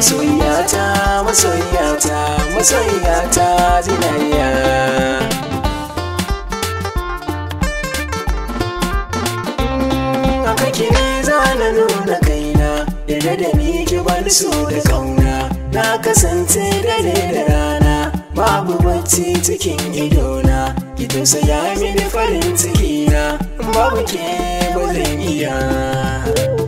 masoyata masoyata masoyata zinariya Aka ki ne nuna kaina da da ni ki so da kauna na kasance dare da rana babu bacci cikin idona ki ya mini farin ciki na babu ke ba zan iya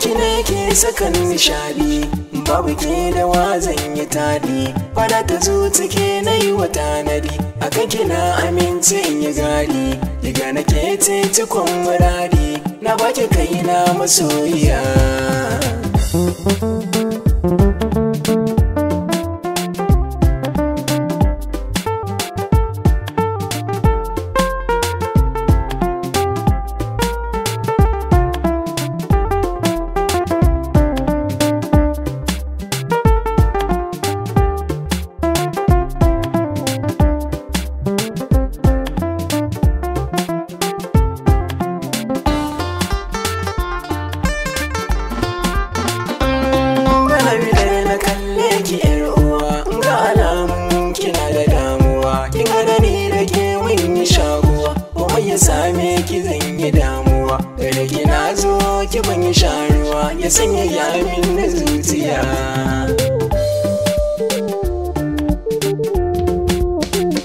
ki ne ke sakan nishadi babu ke da wa zan yi tadi fada ta zo ke na yi wa tanadi a kan kina amince in yi gadi diga na ke ce cikon muradi na bake kai na masoyiya sake ban sharuwa ya sanya yamin na zuciya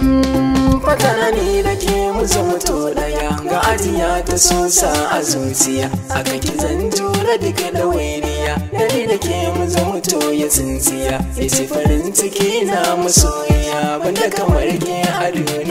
mm, Fatana ne da ke musu mutu ɗaya ga ajiya ta sosa a zuciya a kaki zan jura duka da wairiya dare da ke musu mutu ya tsintsiya ya farin ciki na masoyiya banda kamar ke a duniya